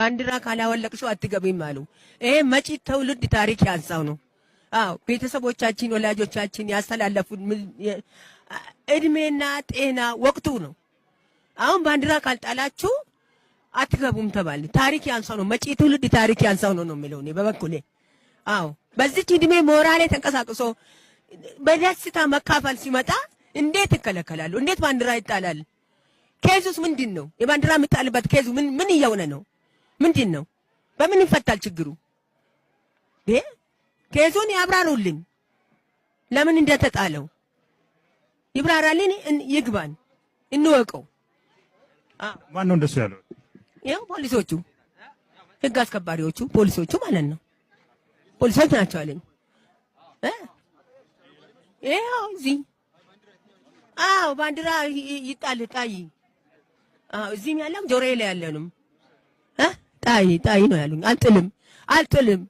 ባንዲራ ካላወለቅሽው አትገቢም አሉ። ይሄ መጪ ትውልድ ታሪክ ያንሳው ነው። አዎ ቤተሰቦቻችን፣ ወላጆቻችን ያስተላለፉት እድሜና ጤና ወቅቱ ነው። አሁን ባንዲራ ካልጣላችሁ አትገቡም ተባለ። ታሪክ ያንሳው ነው። መጪ ትውልድ ታሪክ ያንሳው ነው ነው የሚለው እኔ በበኩሌ። አዎ በዚች እድሜ ሞራሌ ተንቀሳቅሶ በደስታ መካፈል ሲመጣ እንዴት ይከለከላሉ? እንዴት ባንዲራ ይጣላል? ኬዙስ ምንድን ነው? የባንዲራ የሚጣልበት ኬዙ ምን ምን እየሆነ ነው? ምንድን ነው? በምን ይፈታል ችግሩ? ኬዙን ያብራሩልን። ለምን እንደተጣለው ይብራራልን። ይግባን፣ እንወቀው። ማን ነው እንደሱ ያለው? ያው ፖሊሶቹ፣ ህግ አስከባሪዎቹ ፖሊሶቹ ማለት ነው። ፖሊሶች ናቸው አለኝ። ይኸው እዚህ አዎ፣ ባንዲራ ይጣል ጣይ። አዎ፣ እዚህም ያለም ጆሮዬ ላይ ያለንም ጣይ ጣይ ነው ያሉኝ። አልጥልም አልጥልም